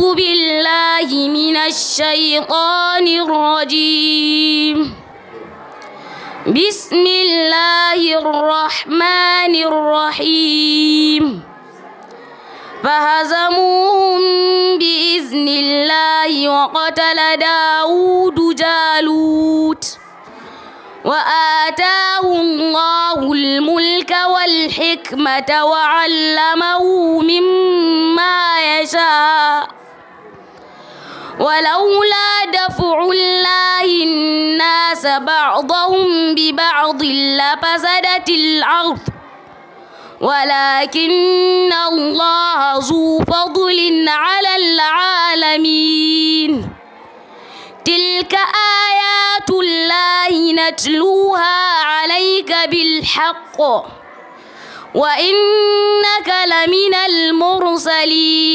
أعوذ بالله من الشيطان الرجيم بسم الله الرحمن الرحيم فهزموهم بإذن الله وقتل داود جالوت وآتاه الله الملك والحكمة وعلمه مما ولولا دفع الله الناس بعضهم ببعض لفسدت الأرض ولكن الله ذو فضل على العالمين تلك آيات الله نتلوها عليك بالحق وإنك لمن المرسلين